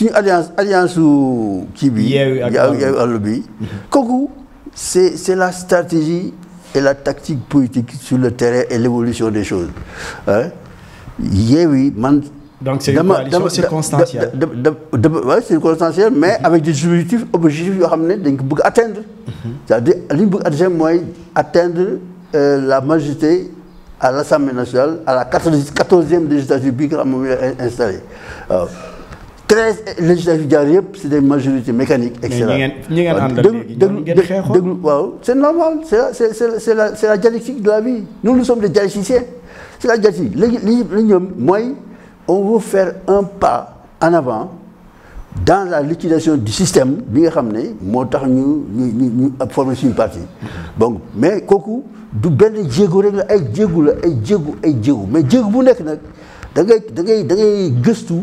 une alliance alliance ou est bi c'est c'est la stratégie et la tactique politique sur le terrain et l'évolution des choses hein. donc c'est une coalition circonstancielle oui circonstancielle mais mhm. avec des objectifs objectifs à amener atteindre mhm. c'est-à-dire li atteindre atteindre euh, la majorité à l'Assemblée nationale à la 14 14e législature bi nga installé 13 législatives jaar c'est des majorités mécaniques excellent C'est normal c'est la c'est la dialectique de la vie nous nous sommes des dialecticiens C'est la dialectique Moi, on veut faire un pas en avant dans la liquidation du système bi nga xam ne moo tax ñu ñu ñu former suñu parti donc mais kooku du benn jéego rek la ay jéego la ay jéego ay jéego mais jéego bu nekk nag da ngay da ngay da ngay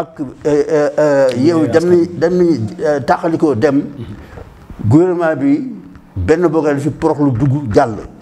ak euh, euh, euh, yow dem nañ dem nañ tàqalikoo dem gouvernement bi benn bokk fi porox lu dugg jàll